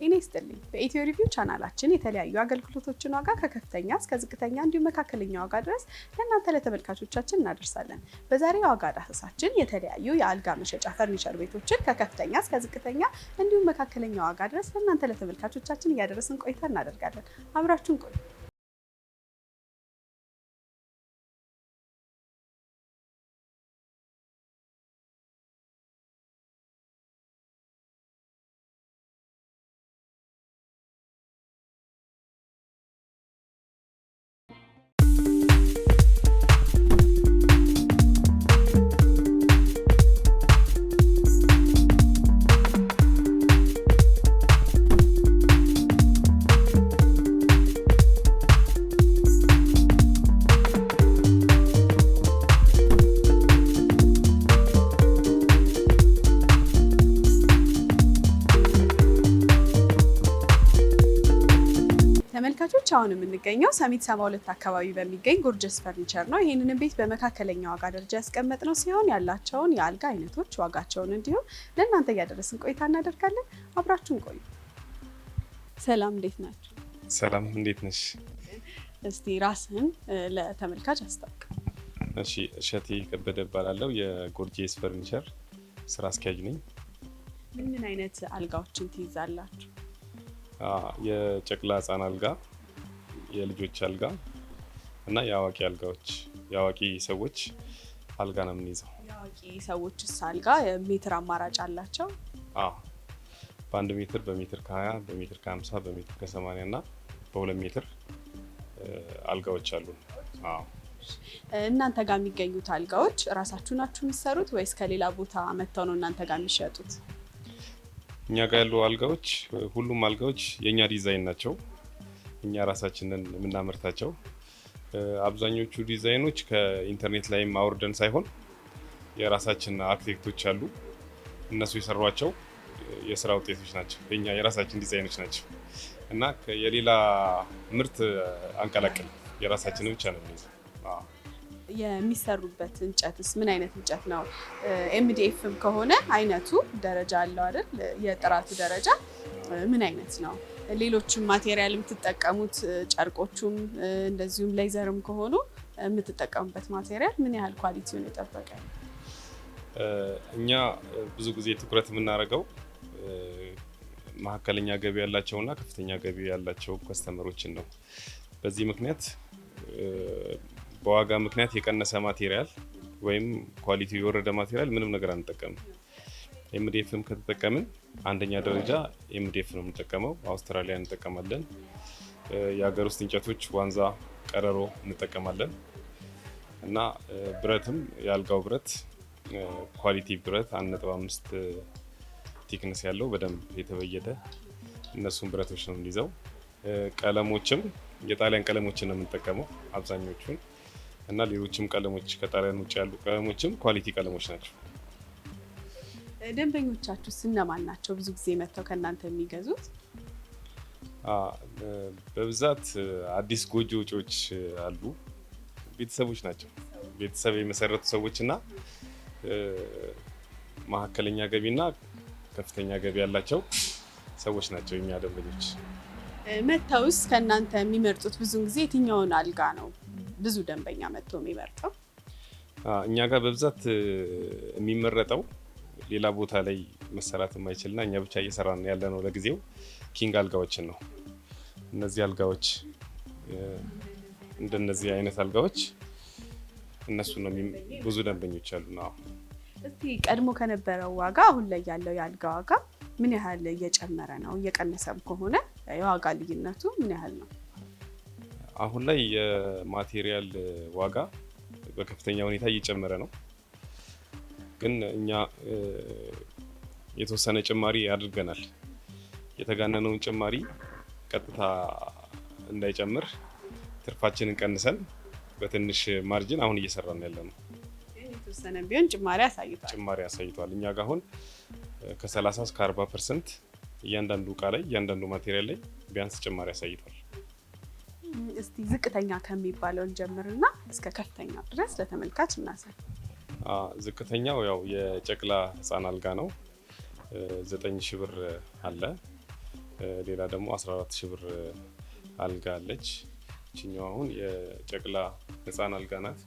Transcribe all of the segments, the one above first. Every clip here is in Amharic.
ጤና ይስጥልኝ። በኢትዮ ሪቪው ቻናላችን የተለያዩ አገልግሎቶችን ዋጋ ከከፍተኛ እስከ ዝቅተኛ እንዲሁም መካከለኛ ዋጋ ድረስ ለእናንተ ለተመልካቾቻችን እናደርሳለን። በዛሬ ዋጋ ዳሰሳችን የተለያዩ የአልጋ መሸጫ ፈርኒቸር ቤቶችን ከከፍተኛ እስከ ዝቅተኛ እንዲሁም መካከለኛ ዋጋ ድረስ ለእናንተ ለተመልካቾቻችን እያደረስን ቆይታ እናደርጋለን። አብራችሁን ቆዩ። አሁን የምንገኘው ሰሚት 72 አካባቢ በሚገኝ ጎርጀስ ፈርኒቸር ነው። ይህንን ቤት በመካከለኛ ዋጋ ደረጃ ነው ሲሆን ያላቸውን የአልጋ አይነቶች ዋጋቸውን እንዲሁም ለእናንተ እያደረስን ቆይታ እናደርጋለን። አብራችሁን ቆዩ። ሰላም፣ እንዴት ናችሁ? ሰላም፣ እንዴት ነሽ? እስቲ ራስህን ለተመልካች አስታውቅ። እሺ፣ እሸቴ ከበደ እባላለሁ። የጎርጀስ ፈርኒቸር ስራ አስኪያጅ ነኝ። ምን ምን አይነት አልጋዎችን ትይዛላችሁ? የጨቅላ ህጻን አልጋ የልጆች አልጋ እና የአዋቂ አልጋዎች የአዋቂ ሰዎች አልጋ ነው የምንይዘው። የአዋቂ ሰዎችስ አልጋ የሜትር አማራጭ አላቸው? አዎ በአንድ ሜትር፣ በሜትር ከ20 በሜትር ከ50 በሜትር ከ80 እና በሁለት ሜትር አልጋዎች አሉ። አዎ እናንተ ጋር የሚገኙት አልጋዎች እራሳችሁ ናችሁ የሚሰሩት ወይስ ከሌላ ቦታ መጥተው ነው እናንተ ጋር የሚሸጡት? እኛ ጋር ያሉ አልጋዎች ሁሉም አልጋዎች የእኛ ዲዛይን ናቸው። እኛ ራሳችንን የምናመርታቸው። አብዛኞቹ ዲዛይኖች ከኢንተርኔት ላይም አውርደን ሳይሆን የራሳችን አርክቴክቶች አሉ፣ እነሱ የሰሯቸው የስራ ውጤቶች ናቸው። የኛ የራሳችን ዲዛይኖች ናቸው እና የሌላ ምርት አንቀላቅል፣ የራሳችን ብቻ ነው። የሚሰሩበት እንጨትስ ምን አይነት እንጨት ነው? ኤምዲኤፍም ከሆነ አይነቱ ደረጃ አለው አይደል? የጥራቱ ደረጃ ምን አይነት ነው? ሌሎችም ማቴሪያል የምትጠቀሙት ጨርቆቹም፣ እንደዚሁም ሌዘርም ከሆኑ የምትጠቀሙበት ማቴሪያል ምን ያህል ኳሊቲውን የጠበቀ? እኛ ብዙ ጊዜ ትኩረት የምናደርገው መካከለኛ ገቢ ያላቸውና ከፍተኛ ገቢ ያላቸው ከስተመሮችን ነው። በዚህ ምክንያት በዋጋ ምክንያት የቀነሰ ማቴሪያል ወይም ኳሊቲ የወረደ ማቴሪያል ምንም ነገር አንጠቀምም። ኤምዲኤፍም ከተጠቀምን አንደኛ ደረጃ ኤምዴፍ ነው የምንጠቀመው። አውስትራሊያ እንጠቀማለን። የሀገር ውስጥ እንጨቶች፣ ዋንዛ፣ ቀረሮ እንጠቀማለን እና ብረትም የአልጋው ብረት ኳሊቲ ብረት 1.5 ቲክነስ ያለው በደንብ የተበየደ እነሱን ብረቶች ነው የምንይዘው። ቀለሞችም የጣሊያን ቀለሞችን ነው የምንጠቀመው አብዛኞቹን እና ሌሎችም ቀለሞች ከጣሊያን ውጭ ያሉ ቀለሞችም ኳሊቲ ቀለሞች ናቸው። ደንበኞቻችሁ እነማን ናቸው? ብዙ ጊዜ መጥተው ከእናንተ የሚገዙት? በብዛት አዲስ ጎጆ ውጪዎች አሉ። ቤተሰቦች ናቸው። ቤተሰብ የመሰረቱ ሰዎች እና መካከለኛ ና ከፍተኛ ገቢ ያላቸው ሰዎች ናቸው የኛ ደንበኞች። ውስጥ ከእናንተ የሚመርጡት ብዙን ጊዜ የትኛውን አልጋ ነው? ብዙ ደንበኛ መጥቶ የሚመርጠው እኛ ጋር በብዛት የሚመረጠው ሌላ ቦታ ላይ መሰራት የማይችልና እኛ ብቻ እየሰራን ነው ለጊዜው ኪንግ አልጋዎችን ነው። እነዚህ አልጋዎች እንደነዚህ አይነት አልጋዎች እነሱ ነው ብዙ ደንበኞች አሉ ነው። እስቲ ቀድሞ ከነበረው ዋጋ አሁን ላይ ያለው የአልጋ ዋጋ ምን ያህል እየጨመረ ነው? እየቀነሰም ከሆነ የዋጋ ልዩነቱ ምን ያህል ነው? አሁን ላይ የማቴሪያል ዋጋ በከፍተኛ ሁኔታ እየጨመረ ነው። ግን እኛ የተወሰነ ጭማሪ አድርገናል። የተጋነነውን ጭማሪ ቀጥታ እንዳይጨምር ትርፋችንን ቀንሰን በትንሽ ማርጅን አሁን እየሰራን ያለ ነው። የተወሰነ ቢሆን ጭማሪ አሳይቷል ጭማሪ አሳይቷል። እኛ ጋር አሁን ከ30 እስከ 40 ፐርሰንት እያንዳንዱ እቃ ላይ እያንዳንዱ ማቴሪያል ላይ ቢያንስ ጭማሪ አሳይቷል። እስቲ ዝቅተኛ ከሚባለውን ጀምርና እስከ ከፍተኛ ድረስ ለተመልካች እናሳይ። ዝቅተኛው ያው የጨቅላ ህፃን አልጋ ነው። ዘጠኝ ሺህ ብር አለ። ሌላ ደግሞ 14 ሺህ ብር አልጋ አለች። ችኛው አሁን የጨቅላ ህፃን አልጋ ናት።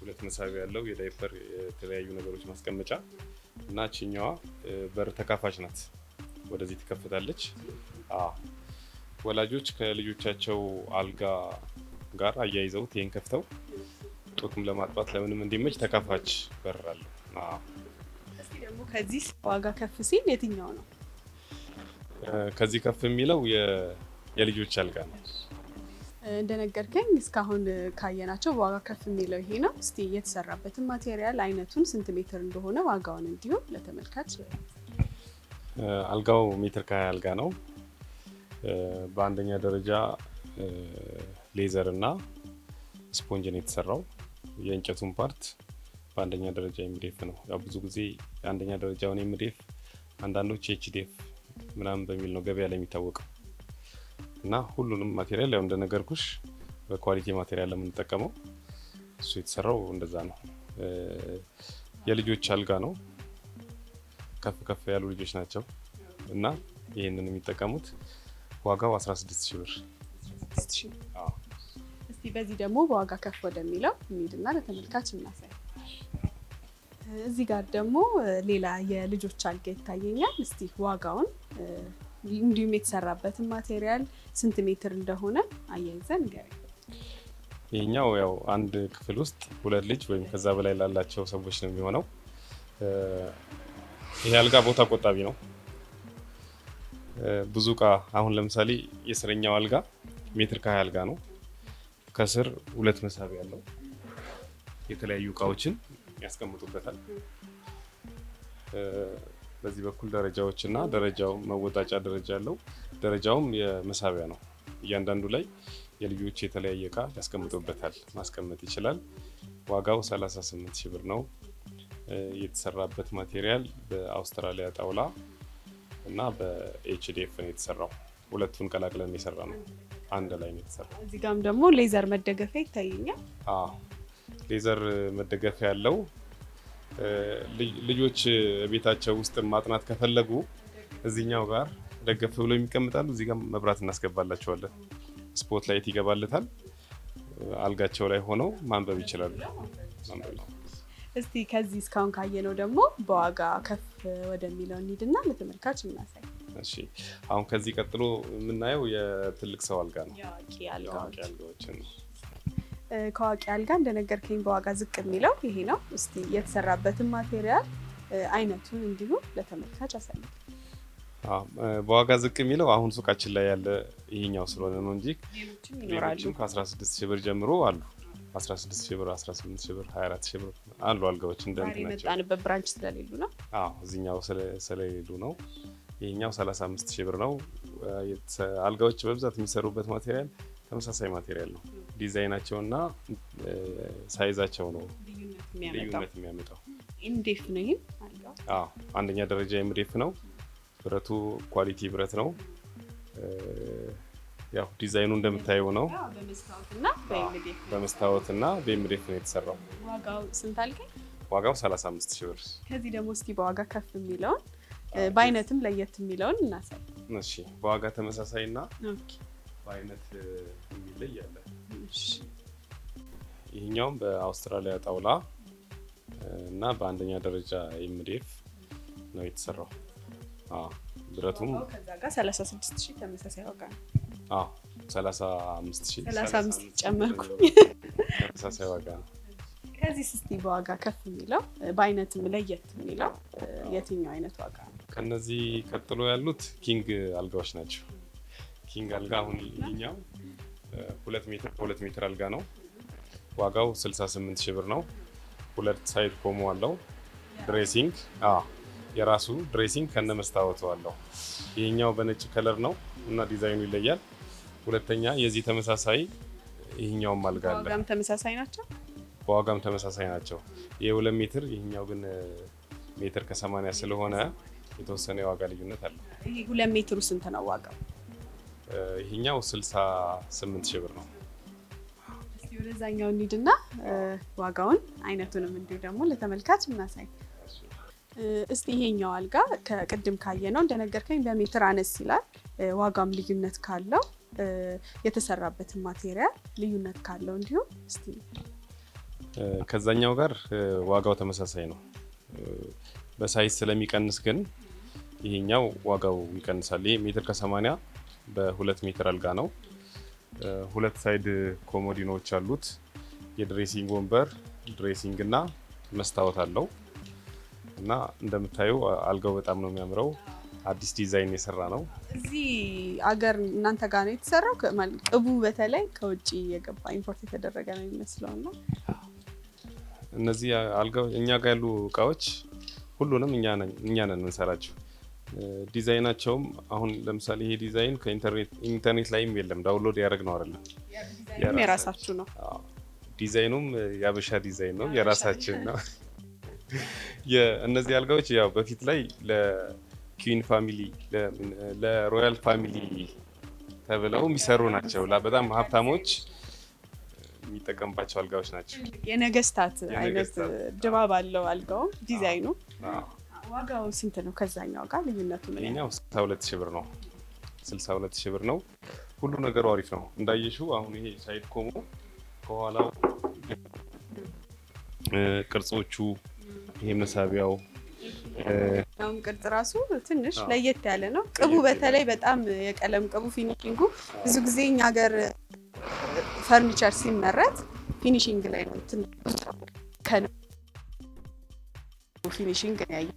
ሁለት መሳቢያ ያለው የዳይፐር የተለያዩ ነገሮች ማስቀመጫ እና ችኛዋ በር ተካፋች ናት። ወደዚህ ትከፍታለች። ወላጆች ከልጆቻቸው አልጋ ጋር አያይዘውት ይህን ከፍተው ጦትም ለማጥባት ለምንም እንዲመች ተከፋች በር አለ። እስኪ ደግሞ ከዚህ ዋጋ ከፍ ሲል የትኛው ነው? ከዚህ ከፍ የሚለው የልጆች አልጋ ነው። እንደነገርከኝ እስካሁን ካየናቸው በዋጋ ከፍ የሚለው ይሄ ነው። እስቲ የተሰራበትን ማቴሪያል አይነቱን፣ ስንት ሜትር እንደሆነ ዋጋውን እንዲሁም ለተመልካች። አልጋው ሜትር ከሀያ አልጋ ነው። በአንደኛ ደረጃ ሌዘር እና ስፖንጅን የተሰራው የእንጨቱን ፓርት በአንደኛ ደረጃ ኤምዲኤፍ ነው። ያው ብዙ ጊዜ አንደኛ ደረጃውን ኤምዲኤፍ አንዳንዶች ኤችዲኤፍ ምናምን በሚል ነው ገበያ ላይ የሚታወቀው እና ሁሉንም ማቴሪያል ያው እንደነገርኩሽ በኳሊቲ ማቴሪያል ለምንጠቀመው እሱ የተሰራው እንደዛ ነው። የልጆች አልጋ ነው። ከፍ ከፍ ያሉ ልጆች ናቸው እና ይህንን የሚጠቀሙት ዋጋው 16 ሺህ ብር እስቲ በዚህ ደግሞ በዋጋ ከፍ ወደሚለው እንሂድና ለተመልካች እናሳይ። እዚህ ጋር ደግሞ ሌላ የልጆች አልጋ ይታየኛል። እስቲ ዋጋውን እንዲሁም የተሰራበትን ማቴሪያል ስንት ሜትር እንደሆነ አያይዘን ንገረኝ። ይህኛው ያው አንድ ክፍል ውስጥ ሁለት ልጅ ወይም ከዛ በላይ ላላቸው ሰዎች ነው የሚሆነው። ይህ አልጋ ቦታ ቆጣቢ ነው። ብዙ እቃ አሁን ለምሳሌ የስረኛው አልጋ ሜትር ከሀያ አልጋ ነው ከስር ሁለት መሳቢያ ያለው የተለያዩ እቃዎችን ያስቀምጡበታል። በዚህ በኩል ደረጃዎች እና ደረጃው መወጣጫ ደረጃ ያለው ደረጃውም የመሳቢያ ነው። እያንዳንዱ ላይ የልጆች የተለያየ እቃ ያስቀምጡበታል፣ ማስቀመጥ ይችላል። ዋጋው 38 ብር ነው። የተሰራበት ማቴሪያል በአውስትራሊያ ጣውላ እና በኤችዲኤፍ ነው የተሰራው። ሁለቱን ቀላቅለን የሰራ ነው። አንድ ላይ ነው የተሰራ። እዚህ ጋም ደግሞ ሌዘር መደገፊያ ይታየኛል። ሌዘር መደገፊያ ያለው ልጆች ቤታቸው ውስጥ ማጥናት ከፈለጉ እዚህኛው ጋር ደገፍ ብሎ የሚቀምጣሉ። እዚህ ጋር መብራት እናስገባላቸዋለን። ስፖት ላይት ይገባለታል። አልጋቸው ላይ ሆነው ማንበብ ይችላሉ። እስቲ ከዚህ እስካሁን ካየነው ደግሞ በዋጋ ከፍ ወደሚለው እንሂድና ለተመልካች እናሳይ። እሺ አሁን ከዚህ ቀጥሎ የምናየው የትልቅ ሰው አልጋ ነው። የአዋቂ አልጋ እንደነገርከኝ በዋጋ ዝቅ የሚለው ይሄ ነው። እስቲ የተሰራበትን ማቴሪያል አይነቱን እንዲሁም ለተመልካች አሳይ። በዋጋ ዝቅ የሚለው አሁን ሱቃችን ላይ ያለ ይሄኛው ስለሆነ ነው እንጂ ሌሎችም ከ16 ሺህ ብር ጀምሮ አሉ። 16 ሺህ ብር፣ 18 ሺህ ብር፣ 24 ሺህ ብር አሉ አልጋዎች እንደምትናቸው። ብራንች ስለሌሉ ነው። አዎ ስለሌሉ ነው። ይሄኛው 35 ሺህ ብር ነው። አልጋዎች በብዛት የሚሰሩበት ማቴሪያል ተመሳሳይ ማቴሪያል ነው። ዲዛይናቸውና ሳይዛቸው ነው ልዩነት የሚያመጣው። ኤምዴፍ ነው ይህም አንደኛ ደረጃ ኤምዴፍ ነው። ብረቱ ኳሊቲ ብረት ነው። ያው ዲዛይኑ እንደምታየው ነው። በመስታወት እና በኤምዴፍ ነው የተሰራው። ዋጋው ስንት አልከኝ? ዋጋው 35 ሺህ ብር። ከዚህ ደግሞ እስኪ በዋጋ ከፍ የሚለውን በአይነትም ለየት የሚለውን እናሳይ። እሺ በዋጋ ተመሳሳይ እና በአይነት የሚለይ ያለ ይህኛውም በአውስትራሊያ ጣውላ እና በአንደኛ ደረጃ ኤምዴፍ ነው የተሰራው። ብረቱም ሰላሳ ተመሳሳይ ዋጋ ነው። ከዚህ ስስቲ በዋጋ ከፍ የሚለው በአይነትም ለየት የሚለው የትኛው አይነት ዋጋ ከነዚህ ቀጥሎ ያሉት ኪንግ አልጋዎች ናቸው። ኪንግ አልጋ አሁን ይኛው ሁለት ሜትር ከሁለት ሜትር አልጋ ነው። ዋጋው 68 ሺህ ብር ነው። ሁለት ሳይድ ኮሞ አለው። ድሬሲንግ የራሱ ድሬሲንግ ከነ መስታወቱ አለው። ይህኛው በነጭ ከለር ነው እና ዲዛይኑ ይለያል። ሁለተኛ የዚህ ተመሳሳይ ይህኛውም አልጋ አለ። ዋጋም ተመሳሳይ ናቸው። በዋጋም ተመሳሳይ ናቸው። የሁለት ሜትር ይህኛው ግን ሜትር ከሰማንያ ስለሆነ የተወሰነ የዋጋ ልዩነት አለ። ይሄ ሁለት ሜትሩ ስንት ነው ዋጋው? ይሄኛው 68 ሺህ ብር ነው። እስቲ ወደዛኛው እንሂድና ዋጋውን አይነቱንም እንዲሁ ደግሞ ለተመልካች እናሳይ። እስቲ ይሄኛው አልጋ ከቅድም ካየ ነው እንደነገርከኝ በሜትር አነስ ይላል። ዋጋም ልዩነት ካለው የተሰራበትን ማቴሪያል ልዩነት ካለው እንዲሁም እስቲ ከዛኛው ጋር ዋጋው ተመሳሳይ ነው። በሳይዝ ስለሚቀንስ ግን ይሄኛው ዋጋው ይቀንሳል። ይሄ ሜትር ከ80 በሁለት ሜትር አልጋ ነው። ሁለት ሳይድ ኮሞዲኖዎች አሉት። የድሬሲንግ ወንበር ድሬሲንግ እና መስታወት አለው እና እንደምታዩ አልጋው በጣም ነው የሚያምረው። አዲስ ዲዛይን የሰራ ነው። እዚህ አገር እናንተ ጋር ነው የተሰራው። ቅቡ በተለይ ከውጭ የገባ ኢምፖርት የተደረገ ነው የሚመስለው ነው። እነዚህ አልጋ እኛ ጋር ያሉ እቃዎች ሁሉንም እኛ ነን የምንሰራቸው ዲዛይናቸውም አሁን ለምሳሌ ይሄ ዲዛይን ከኢንተርኔት ላይም የለም ዳውንሎድ ያደረግ ነው አይደለም፣ የራሳችሁ ነው። ዲዛይኑም የአበሻ ዲዛይን ነው፣ የራሳችን ነው። እነዚህ አልጋዎች ያው በፊት ላይ ለኪዊን ፋሚሊ ለሮያል ፋሚሊ ተብለው የሚሰሩ ናቸው። በጣም ሀብታሞች የሚጠቀምባቸው አልጋዎች ናቸው። የነገስታት አይነት ድባብ አለው አልጋውም ዲዛይኑ ዋጋው ስንት ነው? ከዛኛው ጋር ልዩነቱ ምን? ይኸኛው ስልሳ ሺህ ብር ነው። 62 ሺህ ብር ነው። ሁሉ ነገሩ አሪፍ ነው እንዳየሽው። አሁን ይሄ ሳይድ ኮሞ ከኋላው ቅርጾቹ ይሄ መሳቢያው አሁን ቅርጽ ራሱ ትንሽ ለየት ያለ ነው። ቅቡ በተለይ በጣም የቀለም ቅቡ ፊኒሽንጉ ብዙ ጊዜ እኛ ሀገር ፈርኒቸር ሲመረት ፊኒሽንግ ላይ ነው ትንሽ ፊኒሽንግ ነው ያየ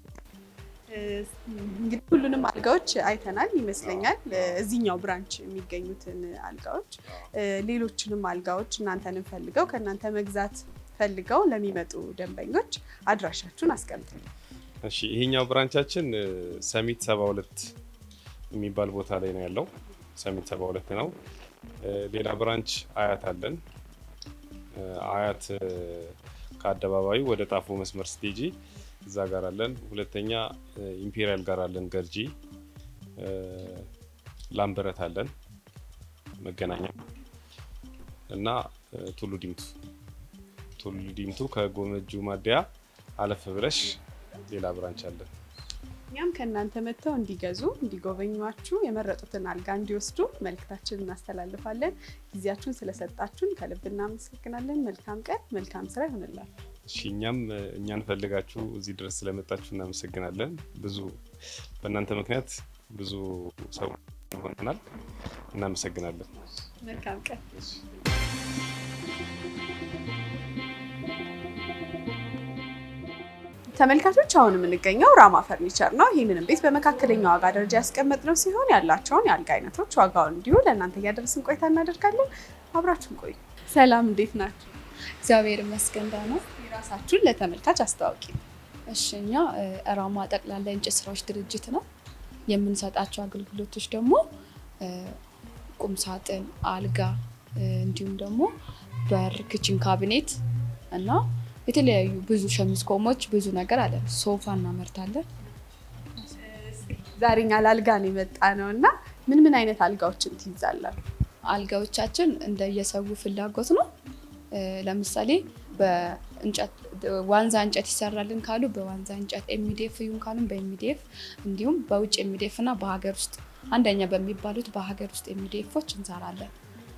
እንግዲህ ሁሉንም አልጋዎች አይተናል ይመስለኛል። እዚህኛው ብራንች የሚገኙትን አልጋዎች፣ ሌሎችንም አልጋዎች እናንተንም ፈልገው ከእናንተ መግዛት ፈልገው ለሚመጡ ደንበኞች አድራሻችሁን አስቀምጥ። እሺ፣ ይሄኛው ብራንቻችን ሰሚት 72 የሚባል ቦታ ላይ ነው ያለው። ሰሚት 72 ነው። ሌላ ብራንች አያት አለን። አያት ከአደባባዩ ወደ ጣፎ መስመር ስቴጂ እዛ ጋር አለን። ሁለተኛ ኢምፔሪያል ጋር አለን፣ ገርጂ ላምበረት አለን፣ መገናኛ እና ቱሉ ዲምቱ። ቱሉ ዲምቱ ከጎመጁ ማደያ አለፍ ብለሽ ሌላ ብራንች አለን። እኛም ከእናንተ መጥተው እንዲገዙ እንዲጎበኟችሁ የመረጡትን አልጋ እንዲወስዱ መልእክታችንን እናስተላልፋለን። ጊዜያችሁን ስለሰጣችሁን ከልብ እናመሰግናለን። መልካም ቀን፣ መልካም ስራ ይሆንላችሁ። እሺ እኛም እኛን ፈልጋችሁ እዚህ ድረስ ስለመጣችሁ እናመሰግናለን። ብዙ በእናንተ ምክንያት ብዙ ሰው ሆነናል። እናመሰግናለን። መልካም ቀን። ተመልካቾች አሁን የምንገኘው ራማ ፈርኒቸር ነው። ይህንንም ቤት በመካከለኛ ዋጋ ደረጃ ያስቀመጥነው ሲሆን ያላቸውን የአልጋ አይነቶች ዋጋውን እንዲሁ ለእናንተ እያደረስን ቆይታ እናደርጋለን። አብራችን ቆዩ። ሰላም፣ እንዴት ናቸው? እግዚአብሔር ይመስገን ደህና ነው። ራሳችሁን ለተመልካች አስተዋውቂ። እሺ፣ እኛ ራማ ጠቅላላ የእንጨት ስራዎች ድርጅት ነው። የምንሰጣቸው አገልግሎቶች ደግሞ ቁምሳጥን፣ አልጋ እንዲሁም ደግሞ በር፣ ክችን ካቢኔት እና የተለያዩ ብዙ ሸሚዝ ኮሞች ብዙ ነገር አለ። ሶፋ እናመርታለን። ዛሬኛ ለአልጋ ነው የመጣ ነው እና ምን ምን አይነት አልጋዎችን ትይዛለን። አልጋዎቻችን እንደየሰው ፍላጎት ነው። ለምሳሌ ዋንዛ እንጨት ይሰራልን ካሉ በዋንዛ እንጨት፣ ኤሚዲኤፍ ዩን ካሉ በኤሚዲኤፍ እንዲሁም በውጭ ኤሚዲኤፍ እና በሀገር ውስጥ አንደኛ በሚባሉት በሀገር ውስጥ ኤሚዲኤፎች እንሰራለን።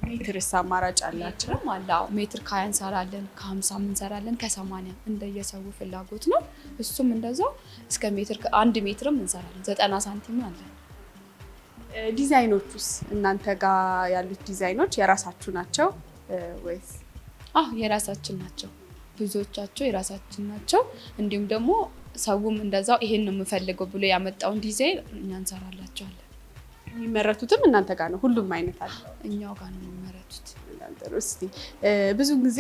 ሜትርስ አማራጭ አላቸው አለ። ሜትር ከሀያ እንሰራለን፣ ከሀምሳም እንሰራለን፣ ከሰማንያ እንደየሰው ፍላጎት ነው። እሱም እንደዛው እስከ ሜትር አንድ ሜትርም እንሰራለን። ዘጠና ሳንቲም አለ። ዲዛይኖቹስ እናንተ ጋር ያሉት ዲዛይኖች የራሳችሁ ናቸው ወይስ አዎ የራሳችን ናቸው። ብዙዎቻቸው የራሳችን ናቸው። እንዲሁም ደግሞ ሰውም እንደዛው ይሄን ነው የምፈልገው ብሎ ያመጣውን ዲዛይን እኛ እንሰራላቸዋለን። የሚመረቱትም እናንተ ጋር ነው? ሁሉም አይነት አለ እኛው ጋር ነው የሚመረቱት። ብዙ ጊዜ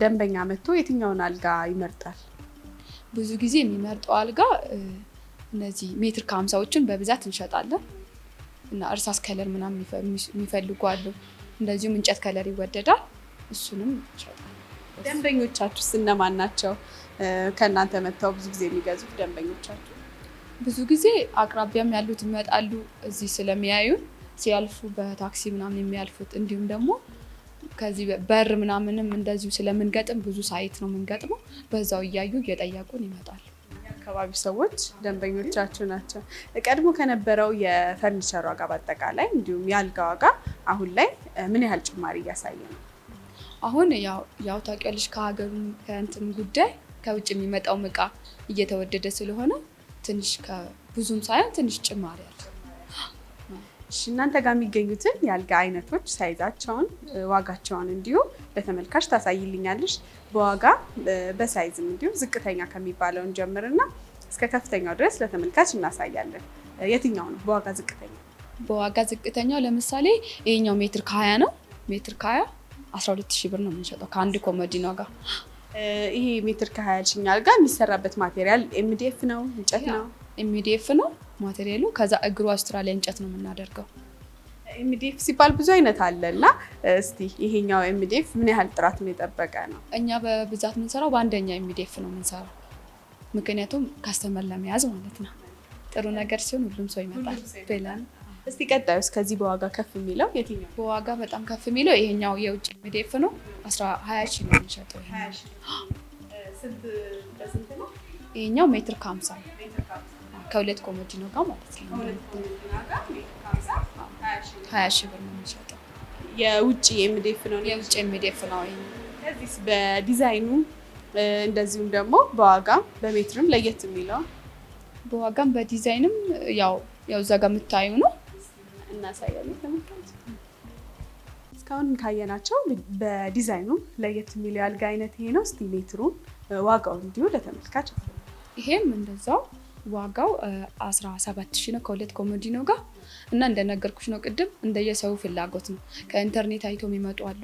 ደንበኛ መጥቶ የትኛውን አልጋ ይመርጣል? ብዙ ጊዜ የሚመርጠው አልጋ እነዚህ ሜትር ከሀምሳዎችን በብዛት እንሸጣለን እና እርሳስ ከለር ምናምን የሚፈልጉ አሉ። እንደዚሁም እንጨት ከለር ይወደዳል። እሱንም ይሸጣል። ደንበኞቻችሁ እነማን ናቸው? ከእናንተ መጥተው ብዙ ጊዜ የሚገዙት ደንበኞቻችሁ? ብዙ ጊዜ አቅራቢያም ያሉት ይመጣሉ እዚህ ስለሚያዩን ሲያልፉ በታክሲ ምናምን የሚያልፉት እንዲሁም ደግሞ ከዚህ በር ምናምንም እንደዚሁ ስለምንገጥም ብዙ ሳይት ነው የምንገጥመው። በዛው እያዩ እየጠየቁን ይመጣሉ። አካባቢ ሰዎች ደንበኞቻችሁ ናቸው። ቀድሞ ከነበረው የፈርኒቸር ዋጋ በአጠቃላይ እንዲሁም የአልጋ ዋጋ አሁን ላይ ምን ያህል ጭማሪ እያሳየ ነው? አሁን ያው ታውቂያለሽ ከሀገሩ ከእንትን ጉዳይ ከውጭ የሚመጣው እቃ እየተወደደ ስለሆነ ትንሽ ከብዙም ሳይሆን ትንሽ ጭማሪ አለ። እናንተ ጋር የሚገኙትን የአልጋ አይነቶች ሳይዛቸውን፣ ዋጋቸውን እንዲሁ ለተመልካች ታሳይልኛለሽ። በዋጋ በሳይዝም እንዲሁ ዝቅተኛ ከሚባለውን ጀምርና እስከ ከፍተኛው ድረስ ለተመልካች እናሳያለን። የትኛው ነው በዋጋ ዝቅተኛ? በዋጋ ዝቅተኛው ለምሳሌ ይሄኛው ሜትር ከሀያ ነው ሜትር ከሀያ 12 ሺህ ብር ነው የምንሸጠው ከአንድ ኮመዲኗ ጋር። ይሄ ሜትር ከ ከሀያ ያልሽኛል ጋር የሚሰራበት ማቴሪያል ኤምዲኤፍ ነው እንጨት ነው ኤምዲኤፍ ነው ማቴሪያሉ። ከዛ እግሩ አውስትራሊያ እንጨት ነው የምናደርገው። ኤምዲኤፍ ሲባል ብዙ አይነት አለ እና እስቲ ይሄኛው ኤምዲኤፍ ምን ያህል ጥራቱን የጠበቀ ነው? እኛ በብዛት የምንሰራው በአንደኛ ኤምዲኤፍ ነው የምንሰራው፣ ምክንያቱም ካስተመር ለመያዝ ማለት ነው። ጥሩ ነገር ሲሆን ሁሉም ሰው ይመጣል። እስቲ ቀጣዩ እስከዚህ በዋጋ ከፍ የሚለው የትኛው? በዋጋ በጣም ከፍ የሚለው ይሄኛው የውጭ መደፍ ነው። ሀያ ሺ ነው የሚሸጠው። ይሄኛው ሜትር ከሀምሳ ከሁለት ከሁለት ነው ጋር ማለት ነው። ሀያ ሺ ብር ነው የሚሸጠው። የውጭ የምደፍ ነው የውጭ የምደፍ ነው። በዲዛይኑ እንደዚሁም ደግሞ በዋጋ በሜትርም ለየት የሚለው በዋጋም በዲዛይንም ያው ያው እዛ ጋር የምታዩ ነው እናሳያለን። እስካሁን ካየናቸው በዲዛይኑ ለየት የሚለው የአልጋ አይነት ይሄ ነው። እስቲ ሜትሩ ዋጋው እንዲሁ ለተመልካች ይሄም እንደዛው ዋጋው 17 ሺህ ነው ከሁለት ኮሞዲኖ ጋር እና እንደነገርኩሽ ነው ቅድም እንደየሰው ፍላጎት ነው። ከኢንተርኔት አይቶ የሚመጡ አሉ።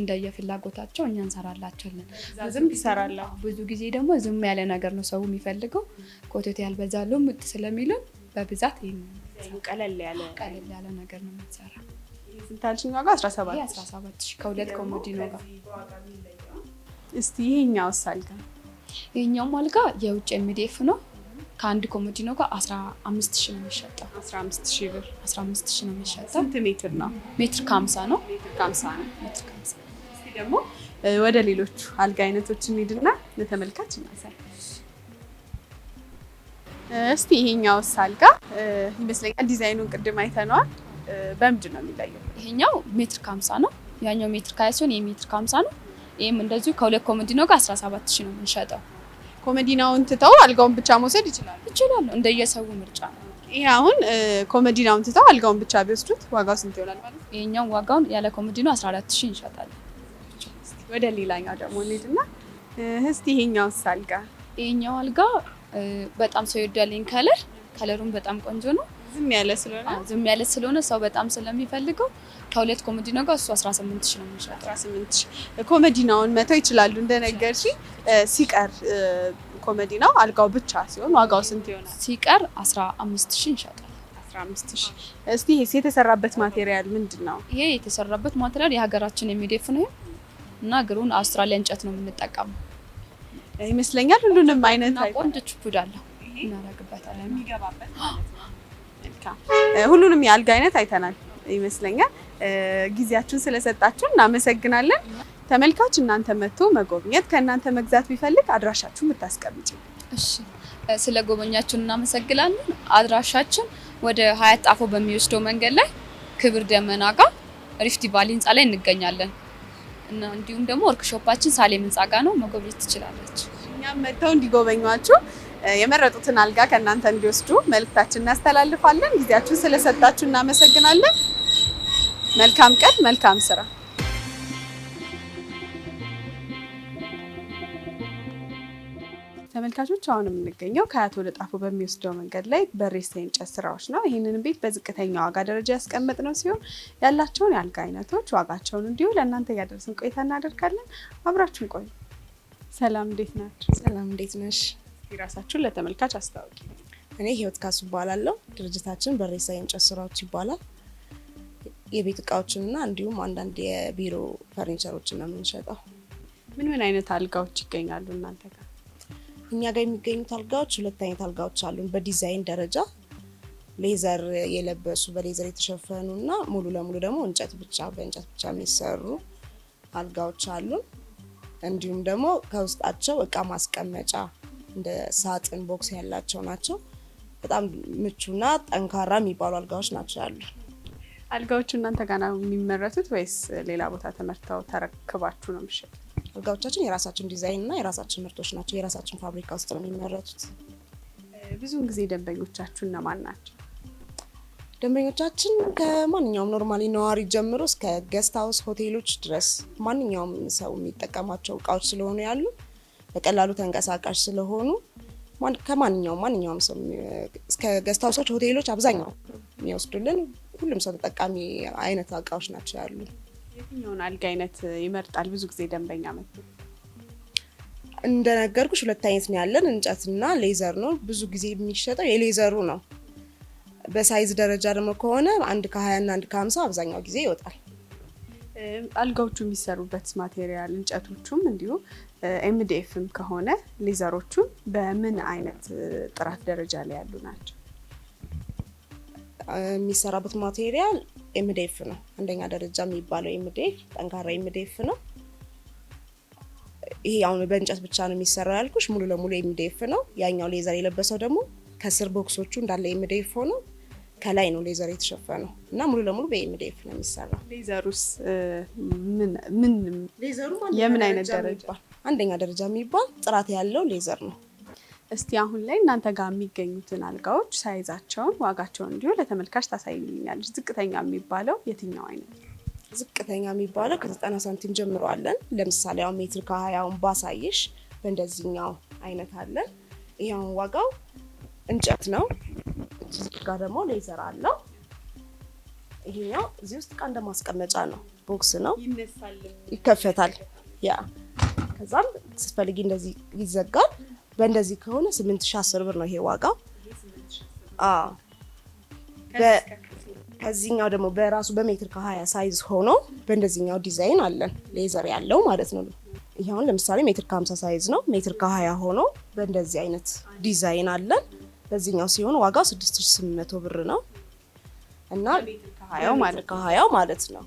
እንደየፍላጎታቸው እኛ እንሰራላቸዋለን። ዝም ይሰራላ ብዙ ጊዜ ደግሞ ዝም ያለ ነገር ነው ሰው የሚፈልገው። ኮቴት ያልበዛ ምጥ ስለሚሉን በብዛት ቀለል ያለ ቀለል ያለ ነገር ነው የምትሰራ። ስንታልሽኝ ዋጋ 17 ከሁለት ኮሞዲኖ ጋር። እስቲ ይሄኛው አልጋ ይሄኛው አልጋ የውጭ ኤምዲኤፍ ነው። ከአንድ ኮሞዲኖ ጋር 15 ነው የሚሸጠው። 15 ብር 15 ነው የሚሸጠው። ስንት ሜትር ነው? ሜትር ከ50 ነው። ሜትር ከ50 ነው። ደግሞ ወደ ሌሎቹ አልጋ አይነቶች እንሂድና ለተመልካች እናሳይ። እስቲ ይሄኛው ሳልጋ ይመስለኛል ዲዛይኑን ቅድም አይተነዋል። በምንድን ነው የሚለየው? ይሄኛው ሜትር ከሀምሳ ነው። ያኛው ሜትር ከሀያ ሲሆን ይሄ ሜትር ከሀምሳ ነው። ይህም እንደዚሁ ከሁለት ኮመዲኖ ጋር 17 ሺ ነው የምንሸጠው። ኮመዲናውን ትተው አልጋውን ብቻ መውሰድ ይችላሉ? ይችላሉ፣ እንደየሰው ምርጫ ነው። ይሄ አሁን ኮመዲናውን ትተው አልጋውን ብቻ ቢወስዱት ዋጋው ስንት ይሆናል ማለት ነው? ይሄኛው ዋጋውን ያለ ኮመዲኖ 14 ሺ እንሸጣለን። ወደ ሌላኛው ደግሞ እንሂድና እስቲ ይሄኛው አልጋ ይሄኛው አልጋ በጣም ሰው ይወዳልኝ ከለር ከለሩም በጣም ቆንጆ ነው። ዝም ያለ ስለሆነ ዝም ያለ ስለሆነ ሰው በጣም ስለሚፈልገው ከሁለት ኮሜዲ ነው ጋር እሱ 18 ሺህ ነው የሚሸጠው። 18 ሺህ ኮሜዲ ነውን መተው ይችላሉ። እንደነገርሽ ሲቀር ኮሜዲ ነው አልጋው ብቻ ሲሆን ዋጋው ስንት ይሆናል? ሲቀር 15 ሺህ ይሸጣል። 15 ሺህ እስቲ ይሄ የተሰራበት ማቴሪያል ምንድን ነው? ይሄ የተሰራበት ማቴሪያል የሀገራችን የሚደፍ ነው እና እግሩን አውስትራሊያ እንጨት ነው የምንጠቀመው። ይመስለኛል። ሁሉንም አይነት ቆንጆ ችፑድ አለው ሁሉንም የአልጋ አይነት አይተናል ይመስለኛል። ጊዜያችሁን ስለሰጣችሁ እናመሰግናለን። ተመልካች እናንተ መጥቶ መጎብኘት ከእናንተ መግዛት ቢፈልግ አድራሻችሁን ብታስቀምጭ። እሺ፣ ስለ ጎበኛችሁን እናመሰግናለን። አድራሻችን ወደ ሀያት ጣፎ በሚወስደው መንገድ ላይ ክብር ደመና ጋር ሪፍቲ ቫሊ ህንፃ ላይ እንገኛለን። እንዲሁም ደግሞ ወርክሾፓችን ሳሌም ህንፃ ጋር ነው መጎብኘት ትችላለች። እኛም መጥተው እንዲጎበኟችሁ የመረጡትን አልጋ ከእናንተ እንዲወስዱ መልእክታችን እናስተላልፋለን። ጊዜያችሁን ስለሰጣችሁ እናመሰግናለን። መልካም ቀን፣ መልካም ስራ ተመልካቾች አሁን የምንገኘው ከአያት ለጣፎ በሚወስደው መንገድ ላይ በሬሳ የእንጨት ስራዎች ነው። ይህንን ቤት በዝቅተኛ ዋጋ ደረጃ ያስቀመጥ ነው ሲሆን ያላቸውን የአልጋ አይነቶች ዋጋቸውን እንዲሁ ለእናንተ እያደረስን ቆይታ እናደርጋለን። አብራችን ቆዩ። ሰላም እንዴት ናቸው? ሰላም እንዴት ነሽ? ራሳችሁን ለተመልካች አስታውቂ። እኔ ህይወት ካሱ ይባላለሁ። ድርጅታችን በሬሳ የእንጨት ስራዎች ይባላል። የቤት እቃዎችንና እንዲሁም አንዳንድ የቢሮ ፈርኒቸሮችን ነው የምንሸጠው። ምን ምን አይነት አልጋዎች ይገኛሉ እናንተ ጋር? እኛ ጋር የሚገኙት አልጋዎች ሁለት አይነት አልጋዎች አሉን። በዲዛይን ደረጃ ሌዘር የለበሱ በሌዘር የተሸፈኑ እና ሙሉ ለሙሉ ደግሞ እንጨት ብቻ በእንጨት ብቻ የሚሰሩ አልጋዎች አሉን። እንዲሁም ደግሞ ከውስጣቸው እቃ ማስቀመጫ እንደ ሳጥን ቦክስ ያላቸው ናቸው። በጣም ምቹና ጠንካራ የሚባሉ አልጋዎች ናቸው ያሉ። አልጋዎቹ እናንተ ጋና የሚመረቱት ወይስ ሌላ ቦታ ተመርተው ተረክባችሁ ነው የሚሸጡት? አልጋዎቻችን የራሳችን ዲዛይን እና የራሳችን ምርቶች ናቸው። የራሳችን ፋብሪካ ውስጥ ነው የሚመረቱት። ብዙውን ጊዜ ደንበኞቻችሁ እነማን ናቸው? ደንበኞቻችን ከማንኛውም ኖርማሊ ነዋሪ ጀምሮ እስከ ገስት ሀውስ ሆቴሎች ድረስ ማንኛውም ሰው የሚጠቀማቸው እቃዎች ስለሆኑ ያሉ በቀላሉ ተንቀሳቃሽ ስለሆኑ ከማንኛውም ማንኛውም ሰው እስከ ገስት ሀውሶች ሆቴሎች አብዛኛው የሚወስዱልን ሁሉም ሰው ተጠቃሚ አይነት እቃዎች ናቸው ያሉ የትኛውን አልጋ አይነት ይመርጣል? ብዙ ጊዜ ደንበኛ መጥቶ እንደነገርኩሽ ሁለት አይነት ነው ያለን፣ እንጨትና ሌዘር ነው። ብዙ ጊዜ የሚሸጠው የሌዘሩ ነው። በሳይዝ ደረጃ ደግሞ ከሆነ አንድ ከሀያ እና አንድ ከሀምሳ አብዛኛው ጊዜ ይወጣል። አልጋዎቹ የሚሰሩበት ማቴሪያል እንጨቶቹም እንዲሁ ኤምዲኤፍም ከሆነ ሌዘሮቹም በምን አይነት ጥራት ደረጃ ላይ ያሉ ናቸው? የሚሰራበት ማቴሪያል ኤምዴፍ ነው። አንደኛ ደረጃ የሚባለው ኤምዴፍ ጠንካራ ኤምዴፍ ነው። ይሄ አሁን በእንጨት ብቻ ነው የሚሰራው ያልኩሽ ሙሉ ለሙሉ ኤምዴፍ ነው። ያኛው ሌዘር የለበሰው ደግሞ ከስር ቦክሶቹ እንዳለ ኤምዴፍ ሆኖ ከላይ ነው ሌዘር የተሸፈነው እና ሙሉ ለሙሉ በኤምዴፍ ነው የሚሰራው። ሌዘሩስ ምን የምን አይነት ደረጃ? አንደኛ ደረጃ የሚባል ጥራት ያለው ሌዘር ነው። እስቲ አሁን ላይ እናንተ ጋር የሚገኙትን አልጋዎች ሳይዛቸውን፣ ዋጋቸውን እንዲሁ ለተመልካች ታሳይልኛለች። ዝቅተኛ የሚባለው የትኛው አይነት ዝቅተኛ የሚባለው ከዘጠና ሳንቲም ጀምሮ አለን። ለምሳሌ አሁን ሜትር ከሀያውን ባሳይሽ በእንደዚህኛው አይነት አለን። ይኸውን ዋጋው እንጨት ነው። እዚህ ጋር ደግሞ ሌዘር አለው። ይሄኛው እዚህ ውስጥ እቃ እንደማስቀመጫ ነው። ቦክስ ነው፣ ይከፈታል። ያ ከዛም ስትፈልጊ እንደዚህ ይዘጋል። በእንደዚህ ከሆነ 8010 ብር ነው ይሄ ዋጋው። ከዚህኛው ደግሞ በራሱ በሜትር ከ20 ሳይዝ ሆኖ በእንደዚህኛው ዲዛይን አለን ሌዘር ያለው ማለት ነው። ይሄውን ለምሳሌ ሜትር ከ50 ሳይዝ ነው። ሜትር ከ20 ሆኖ በእንደዚህ አይነት ዲዛይን አለን። በዚህኛው ሲሆን ዋጋው 6800 ብር ነው እና ከሀያው ማለት ነው።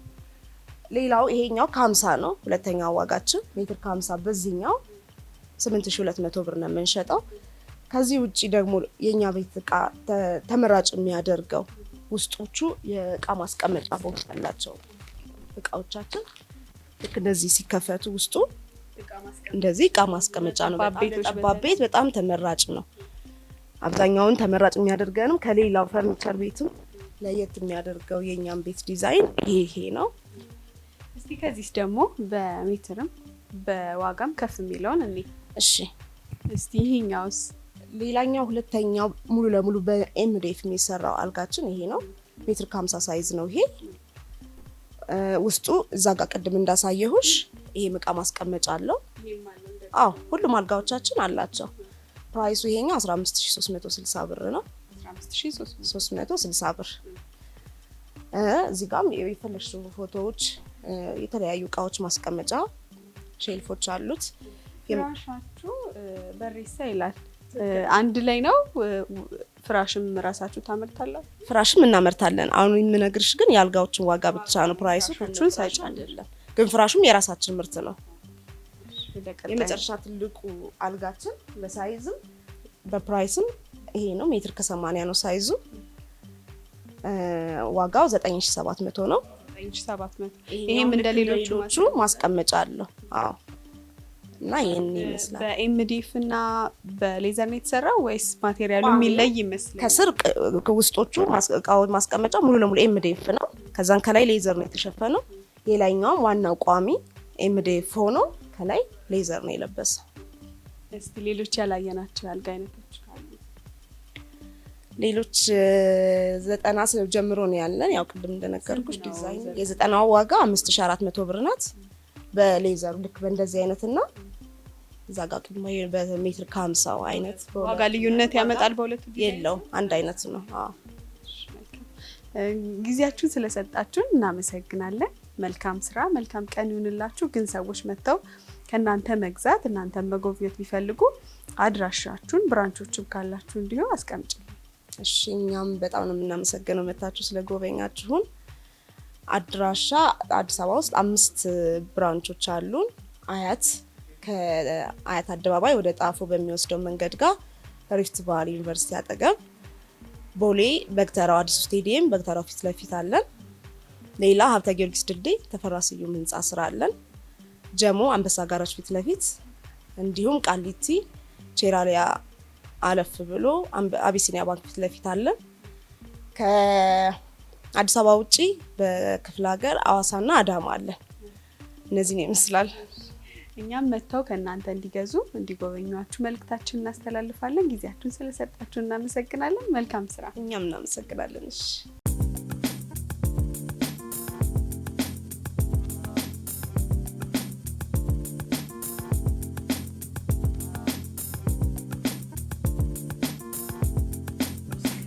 ሌላው ይሄኛው ከ50 ነው። ሁለተኛው ዋጋችን ሜትር ከ50 በዚህኛው 8200 ብር ነው የምንሸጠው። ከዚህ ውጭ ደግሞ የእኛ ቤት እቃ ተመራጭ የሚያደርገው ውስጦቹ የእቃ ማስቀመጫ ቦክስ ያላቸው እቃዎቻችን ልክ እንደዚህ ሲከፈቱ ውስጡ እንደዚህ እቃ ማስቀመጫ ነው። ጠባብ ቤት በጣም ተመራጭ ነው። አብዛኛውን ተመራጭ የሚያደርገንም ከሌላው ፈርኒቸር ቤትም ለየት የሚያደርገው የእኛም ቤት ዲዛይን ይሄ ይሄ ነው። እስቲ ከዚህ ደግሞ በሜትርም በዋጋም ከፍ የሚለውን እኔ እሺ እስቲ ይሄኛውስ? ሌላኛው ሁለተኛው ሙሉ ለሙሉ በኤምዴፍ የሚሰራው አልጋችን ይሄ ነው። ሜትር ከሀምሳ ሳይዝ ነው ይሄ። ውስጡ እዛ ጋር ቅድም እንዳሳየሁሽ ይሄ እቃ ማስቀመጫ አለው። አዎ ሁሉም አልጋዎቻችን አላቸው። ፕራይሱ ይሄኛው 15360 ብር ነው። 360 ብር እዚህ ጋም የፈለግሽው ፎቶዎች፣ የተለያዩ እቃዎች ማስቀመጫ ሼልፎች አሉት። ፍራሻችሁ በሬሳ ይላል። አንድ ላይ ነው። ፍራሽም ራሳችሁ ታመርታላችሁ? ፍራሽም እናመርታለን። አሁን የምነግርሽ ግን የአልጋዎችን ዋጋ ብቻ ነው። ፕራይሶቹን ሳይጨምርልን ግን ፍራሹም የራሳችን ምርት ነው። የመጨረሻ ትልቁ አልጋችን በሳይዝም በፕራይስም ይሄ ነው። ሜትር ከሰማንያ ነው ሳይዙ። ዋጋው 9700 ነው። ይሄም እንደ ሌሎቹ ማስቀመጫ አለው። አዎ እና ይህን ይመስላል። በኤምዲፍ እና በሌዘር ነው የተሰራው ወይስ ማቴሪያሉ የሚለይ ይመስላል? ከስር ውስጦቹ እቃውን ማስቀመጫ ሙሉ ለሙሉ ኤምዲፍ ነው። ከዛን ከላይ ሌዘር ነው የተሸፈነው። የላይኛውም ዋናው ቋሚ ኤምዲፍ ሆኖ ከላይ ሌዘር ነው የለበሰው። እስቲ ሌሎች ያላየናቸው የአልጋ አይነቶች ሌሎች ዘጠና ጀምሮ ነው ያለን። ያው ቅድም እንደነገርኩሽ ዲዛይን የዘጠናው ዋጋ አምስት ሺ አራት መቶ ብር ናት። በሌዘሩ ልክ በእንደዚህ አይነት አይነትና እዛ ጋ በሜትር ከሀምሳው አይነት ዋጋ ልዩነት ያመጣል። በሁለቱ የለው አንድ አይነት ነው። ጊዜያችሁን ስለሰጣችሁን እናመሰግናለን። መልካም ስራ፣ መልካም ቀን ይሁንላችሁ። ግን ሰዎች መጥተው ከእናንተ መግዛት እናንተን መጎብኘት ቢፈልጉ አድራሻችሁን፣ ብራንቾችም ካላችሁ እንዲሁ አስቀምጭልን። እሺ፣ እኛም በጣም ነው የምናመሰግነው መታችሁ ስለጎበኛችሁን። አድራሻ አዲስ አበባ ውስጥ አምስት ብራንቾች አሉን አያት ከአያት አደባባይ ወደ ጣፎ በሚወስደው መንገድ ጋር ሪፍት ቫሊ ዩኒቨርሲቲ አጠገብ ቦሌ በግተራው አዲሱ ስቴዲየም በግተራው ፊት ለፊት አለን። ሌላ ሀብተ ጊዮርጊስ ድልድይ ተፈራ ስዩም ህንፃ ስራ አለን። ጀሞ አንበሳ ጋራች ፊት ለፊት እንዲሁም ቃሊቲ ቼራሊያ አለፍ ብሎ አቢሲኒያ ባንክ ፊት ለፊት አለን። ከአዲስ አበባ ውጪ በክፍለ ሀገር አዋሳና አዳማ አለን። እነዚህን ይመስላል። እኛም መጥተው ከእናንተ እንዲገዙ እንዲጎበኟችሁ መልእክታችን እናስተላልፋለን። ጊዜያችሁን ስለሰጣችሁ እናመሰግናለን። መልካም ስራ። እኛም እናመሰግናለን። እሺ